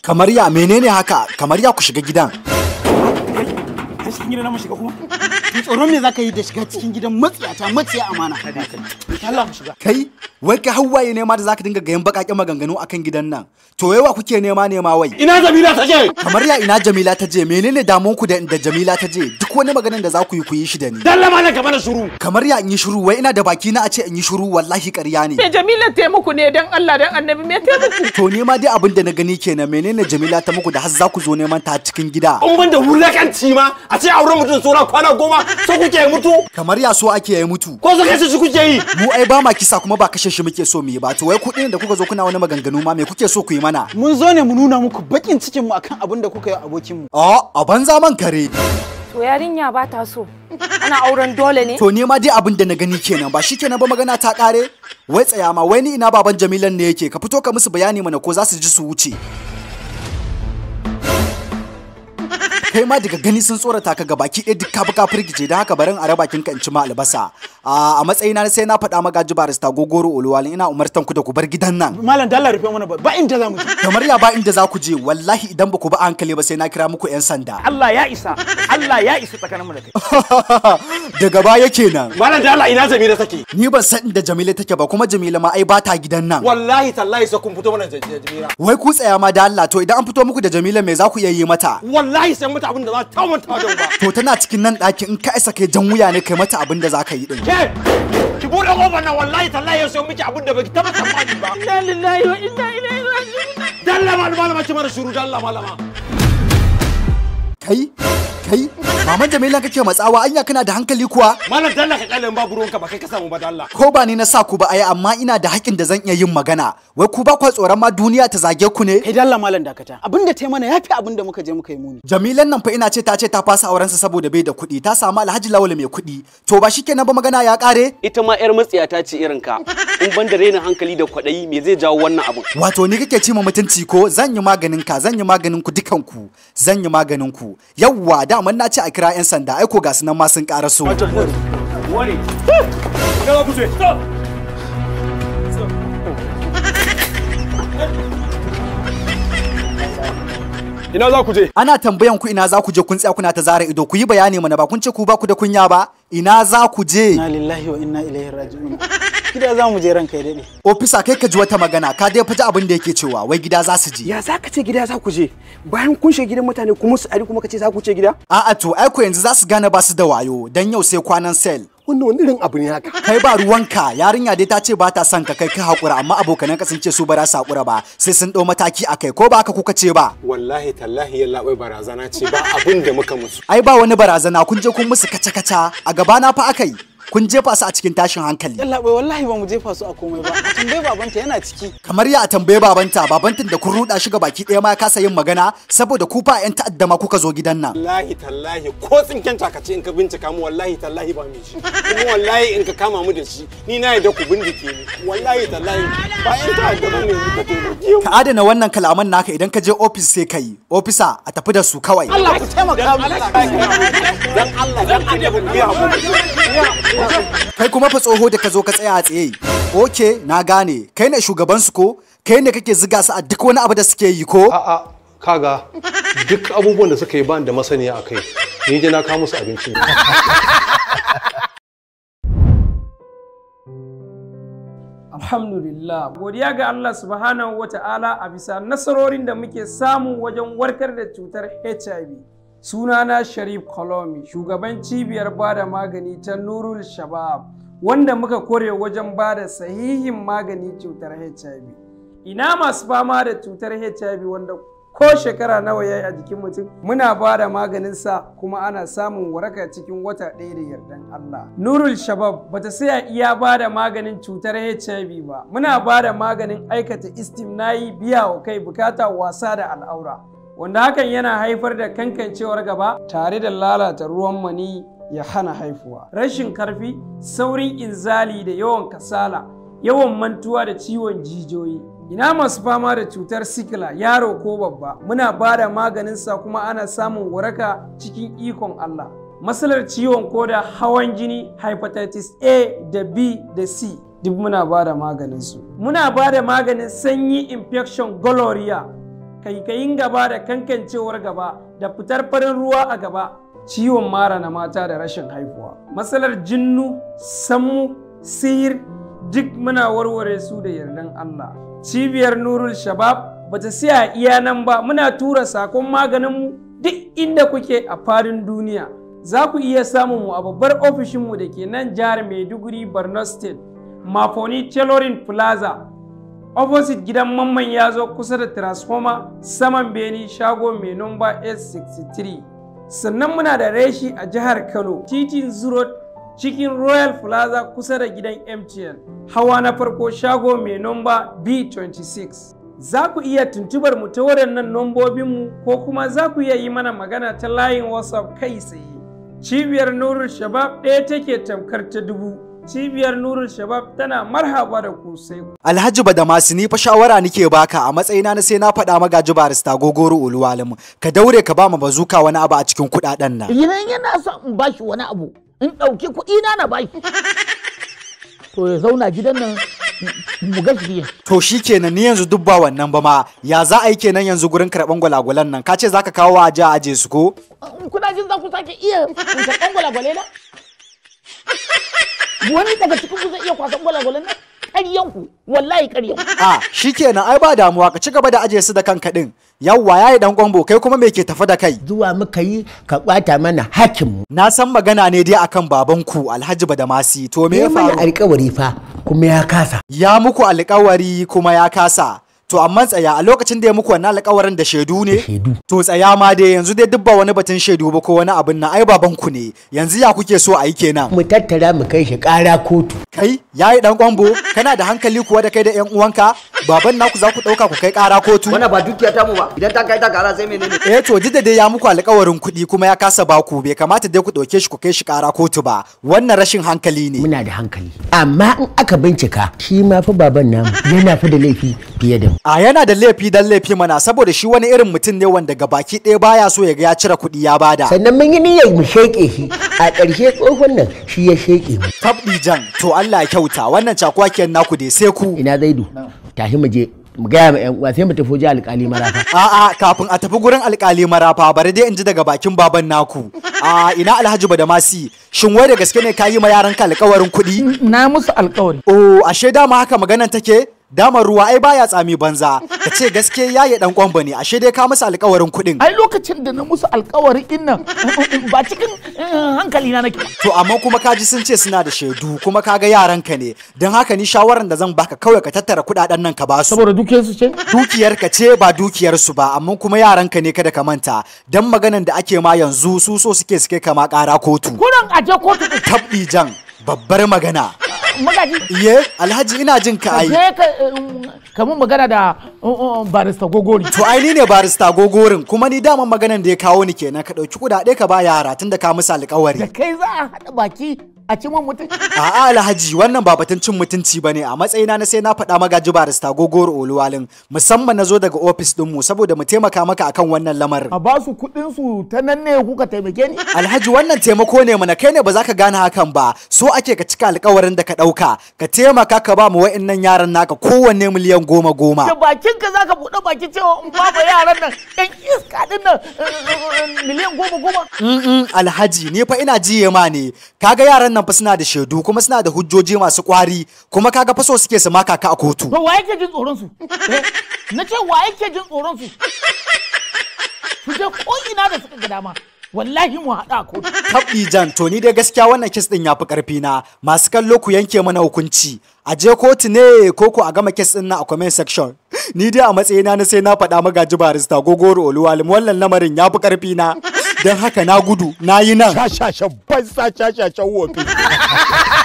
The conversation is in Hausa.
fa menene haka kamar ya ku shiga gidan kai kai gidan mu shiga kuma tsoron me zaka yi da shiga cikin gidan matsiyata matsiya amana kai wai ka hawaye ne ma da zaka dinga gayan bakaken maganganu akan gidan nan to yawa kuke nema nema wai ina Jamila ta je kamar ya ina Jamila ta je menene damun ku da da Jamila ta je duk wani maganan da za ku yi ku yi shi da ni dalla ma na gaba shuru kamar ya in yi shuru wai ina da baki na a ce in yi shuru wallahi ƙarya ne me Jamila ta muku ne dan Allah dan Annabi me ta muku to ne ma dai abin da na gani kenan menene Jamila ta muku da har za ku zo neman ta cikin gida in ban da wulakanci ma a ce auren mutum sura kwana goma so kuke yi mutu kamar ya so ake yi mutu ko so kashe shi kuke yi mu ai ba ma kisa kuma ba kashe shi muke so mu yi ba to wai kuɗin da kuka zo kuna wani maganganu ma me kuke so ku yi mana mun zo ne mu nuna muku bakin cikin mu akan abin da kuka yi abokin mu a ah, a banza man kare to yarinya ba ta so ana auren dole ne to ne ma dai abin da na gani kenan ba shi kenan ba magana ta kare wai tsaya ma wai ni ina baban jamilan ne yake ka fito ka musu bayani mana ko za su ji su wuce kai ma daga gani sun tsorata ka ga baki ɗaya duk ka firgice da haka barin a raba kin in ci ma albasa a matsayina sai na faɗa maka ji barista gogoro oluwalin ina umartan ku da ku bar gidan nan malam da Allah rufe mana ba inda za mu je kamar ya ba inda za ku je wallahi idan ba ku ba hankali ba sai na kira muku yan sanda Allah ya isa Allah ya isa tsakanin mu da kai daga baya kenan malam da Allah ina Jamila take ni ban san inda Jamila take ba kuma Jamila ma ai ba ta gidan nan wallahi tallahi sai kun fito mana Jamila wai ku tsaya ma da Allah to idan an fito muku da Jamila me za ku iya yi mata wallahi sai mata abin da za ta manta da ba to tana cikin nan ɗakin in ka isa kai jan wuya ne kai mata abin da za ka yi din ki bude kofar nan wallahi tallahi yau sai miki abin da baki taba tsammani ba inna lillahi wa inna ilaihi raji'un dalla malama ce mara shuru dalla malama kai kai maman jamila kake matsawa anya kana da hankali kuwa malam dalla ka kalle ba buronka ba kai ka samu ba dalla ko ba ni na sa ku ba ai amma ina da haƙin da zan iya yin magana wai ku ba kwa tsoron ma duniya ta zage ku ne kai dalla malam dakata abinda tai mana yafi abinda muka je muka yi muni jamilan nan fa ina ce ta ce ta fasa auren sa saboda bai da kuɗi ta samu alhaji lawal mai kuɗi to ba shikenan ba magana ya kare ita ma yar matsiya ta ce irin ka in ban da rainin hankali da kwaɗayi me zai jawo wannan abin wato ni kake ce ma mutunci ko zan yi maganin ka zan yi maganin ku dukan ku zan yi maganin ku yawwa daman na ce a kira 'yan sanda aiko ga sunan nan ma sun ƙaraso. ina za ku je ana tambayan ku ina za ku je kun tsaya kuna ta zara ido ku yi bayani mana ba kun ce ku ba ku da kunya ba ina za ku je inna lillahi wa inna ilaihi raji'un gida za mu je ranka ya dade ofisa kai ka ji wata magana ka dai fita abin da yake cewa wai gida za su je ya za ka ce gida za ku je bayan kun shiga gidan mutane kuma su ari kuma ka ce za ku ce gida a'a to ai ku yanzu za su gane ba su da wayo dan yau sai kwanan sel wannan wani irin abu ne haka kai ba ruwanka yarinya dai ta ce ba ta son ka kai ka hakura amma abokanan ka sun ce su ba za su hakura ba sai sun dau mataki a kai ko ba haka kuka ce ba wallahi tallahi yalla bai barazana ce ba abin da muka musu ai ba wani barazana kun je kun musu kaca kaca a gaba na fa yi. kun jefa su a cikin tashin hankali yalla bai wallahi ba mu jefa su a komai ba a tambaye babanta yana ciki kamar ya a tambaye babanta babantin da kun ruda shi ga baki ɗaya ma ya kasa yin magana saboda ku fa yan ta'adda ma kuka zo gidan nan wallahi tallahi ko tsinken takace in ka bincika mu wallahi tallahi ba mu shi kuma wallahi in ka kama mu da shi ni na yadda ku bindike ni wallahi tallahi ba yan ta'adda ba ne ka mu ka adana wannan kalaman naka idan ka je ofis sai ka yi ofisa a tafi da su kawai Allah ku taimaka mu dan Allah dan Allah ku mu. Kai kuma fa tsoho da ka zo ka tsaya a tsaye. Oke, na gane. Kai ne shugaban su ko? Kai ne kake ziga su a duk wani abu da suke yi ko? A'a, kaga duk abubuwan da suka yi ba da masaniya akai. Ni je na kawo musu abinci. Alhamdulillah, godiya ga Allah subhanahu wa ta'ala a bisa nasarorin da muke samu wajen warkar da cutar HIV. sunana sharif kolomi shugaban cibiyar bada magani ta nurul shabab wanda muka kore wajen bada sahihin magani cutar hiv ina masu fama da cutar hiv wanda ko shekara nawa ya yi a jikin mutum muna ba da sa kuma ana samun waraka cikin wata ɗaya da yardan Allah. Nurul Shabab bata saya iya bada maganin cutar HIV ba. Muna ba da maganin aikata istimnayi biya wa kai bukata wasa da al'aura. wanda hakan yana haifar da kankancewar gaba tare da lalata ruwan mani ya hana haifuwa rashin karfi saurin inzali da yawan kasala yawan mantuwa da ciwon jijiyoyi ina masu fama da cutar sikila yaro ko babba muna ba da sa kuma ana samun waraka cikin ikon Allah matsalar ciwon koda hawan jini hepatitis A da B da C duk muna ba da maganinsu muna ba da maganin sanyi infection gonorrhea kaikayin gaba da kankancewar gaba da fitar farin ruwa a gaba ciwon mara na mata da rashin haihuwa matsalar jinnu sammu sihir duk muna warware su da yardan Allah cibiyar nurul shabab bata siya iya nan ba muna tura sakon maganinmu duk inda kuke a fadin duniya za ku iya samun mu a babbar ofishinmu da ke nan jihar maiduguri borno state mafoni tailoring plaza opposite gidan mamman ya zo kusa da transformer saman beni shago mai nomba A63. sannan muna da reshi a jihar kano titin zurot cikin royal plaza kusa da gidan mtn hawa na farko shago mai nomba b26 za ku iya tuntubar mu ta waɗannan mu ko kuma za ku iya yi mana magana ta layin whatsapp kai tsaye cibiyar nurul shabab ɗaya take tamkar ta dubu cibiyar nurul shabab tana marhaba da ku sai ku alhaji badamasi ni fa shawara nike baka a matsayina na sai na faɗa magaji barista gogoro oluwalim ka daure ka ba ma bazuka wani abu a cikin kuɗaɗen nan idan yana son in bashi wani abu in ɗauki kuɗi na na bashi to ya zauna gidan nan mu gaskiya to shikenan ni yanzu dubba wannan ba ma ya za a yi kenan yanzu gurin karɓan gwalagwalan nan ka ce zaka kawo a aje aje su ko kuna jin za ku sake iya karɓan gwalagwale na wani daga cikin su zai iya kwasan gwalagwalan nan ƙaryan ku wallahi ƙaryan ku a ah, shikenan ai ba damuwa ka ci gaba da ajiye su da kanka din yawwa yayi dan gombo kai kuma me ke tafi da kai zuwa muka yi ka kwata mana hakin mu na san magana ne dai akan Babanku, ku Alhaji Badamasi to me ya faru alƙawari fa kuma ya kasa ya muku alƙawari kuma ya kasa to amma tsaya a lokacin da ya muku wannan alƙawarin da shaidu ne to tsaya ma dai yanzu dai dubba wani batun shaidu ba ko wani abin nan ai baban ku ne yanzu ya kuke so a yi kenan mu tattara mu kai shi ƙara kotu kai yayi dan kwambo kana da hankali kuwa da kai da ƴan uwanka baban naku za ku ɗauka ku kai ƙara kotu. Wannan ba dukiya ta mu ba idan ta kai ta kara sai menene. Eh to duk dai ya muku alƙawarin kuɗi kuma ya kasa ba ku bai kamata dai ku dauke shi ku kai shi ƙara kotu ba wannan rashin hankali ne. Muna da hankali amma in aka bincika shi ma fa baban namu yana fa da laifi fiye da mu. A yana da laifi dan laifi mana saboda shi wani irin mutum ne wanda ga baki ɗaya baya so ya ga ya cire kuɗi ya bada. Sannan mun yi niyyar mu sheke shi a ƙarshe tsohon nan shi ya sheke mu. Tabɗi jan to Allah ya kyauta wannan cakuwa naku dai sai ku. Ina zaidu. tahi mu je mu gaya ma yan uwa sai mu tafi alƙali marafa a'a kafin a tafi gurin alƙali marafa bari dai in ji daga bakin baban naku a ina alhaji badamasi shin wai da gaske ne ka yi ma yaranka alƙawarin kuɗi na musu alƙawari oh ashe dama haka maganan take damar ruwa ai baya tsami banza ka ce gaske yi dan kwamba ne ashe dai ka masa alkawarin kuɗin ai lokacin da na musu alkawarin din nan ba cikin eh, hankali na nake to amma kuma kaji sun ce suna da shaidu kuma kaga yaran ka ne don haka ni shawaran da zan baka kawai ka tattara kuɗaɗen nan ka su saboda dukiyar su ce dukiyar ka ce ba dukiyar su ba amma kuma yaran ka ne kada ka manta dan maganan da ake ma yanzu su so suke suke kama ƙara kotu kuran aje kotu tabbi jan babbar magana magaji ye alhaji ina jin ka ai ka eh, um, mun magana da um, um, barista gogori. to ai ni ne barista gogorin kuma ni daman maganan da ya kawo ni kenan ka dauki kudade ka ba yara tunda ka musu alƙawari da kai za a haɗa baki a cin a a'a alhaji wannan ba batun cin mutunci ba ne a matsayina na sai na faɗa magaji barista gogor oluwalin musamman na zo daga ofis ɗinmu saboda mu taimaka maka akan wannan lamarin a ba su kuɗin su ta nan ne kuka taimake ni alhaji wannan taimako ne mana kai ne ba za ka gane hakan ba so ake ka cika alkawarin da ka ɗauka ka taimaka ka ba mu wa'annan yaran naka kowanne miliyan goma goma da bakin ka zaka buɗe baki cewa in ba yaran nan ɗan iska ɗin nan eh, eh, eh, miliyan goma goma alhaji ni fa ina jiye ma ne kaga yaran waɗannan fa suna da shaidu kuma suna da hujjoji masu kwari kuma kaga faso suke su maka ka a kotu to wa yake jin tsoron su eh, na ce wa yake jin tsoron su su je ko ina da suka ga dama wallahi mu hada ko. Tabbi jan to ni dai gaskiya wannan kes din yafi karfi na masu kallo ku yanke mana hukunci a je kotu ne ko ku a gama kes din na a comment section. Ni dai a matsayina na sai na faɗa magaji barista gogoro oluwalim wannan lamarin ya fi ƙarfi na. don haka na gudu na yi nan shashashan ban sa shashashan wofi